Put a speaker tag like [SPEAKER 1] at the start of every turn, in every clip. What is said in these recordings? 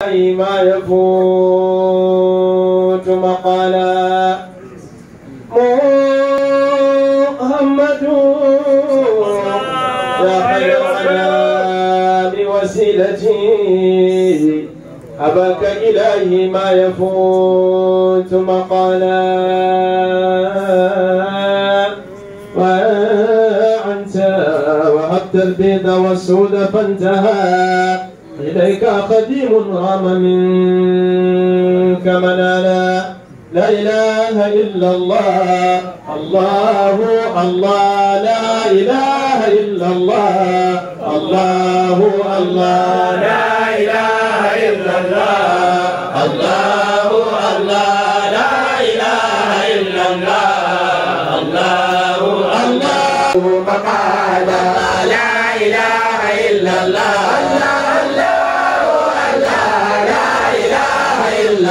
[SPEAKER 1] ما يفوت مقالا محمد يا خير بوسيلتي أباك إلهي ما يفوت مقالا وأنت وهبت البيض والسود فانتهى إليك قديم رام منك منالا لا إله إلا الله الله الله لا إله إلا الله الله الله لا إله إلا الله الله الله لا إله إلا الله الله الله مقالا لا إله إلا الله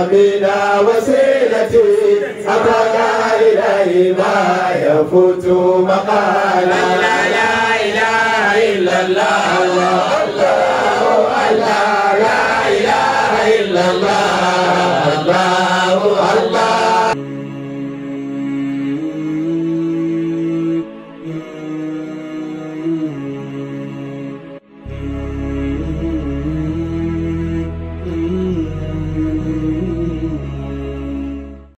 [SPEAKER 1] إمامنا وسيلتي أبغى إليه ما يفوت مقالا لا إله إلا الله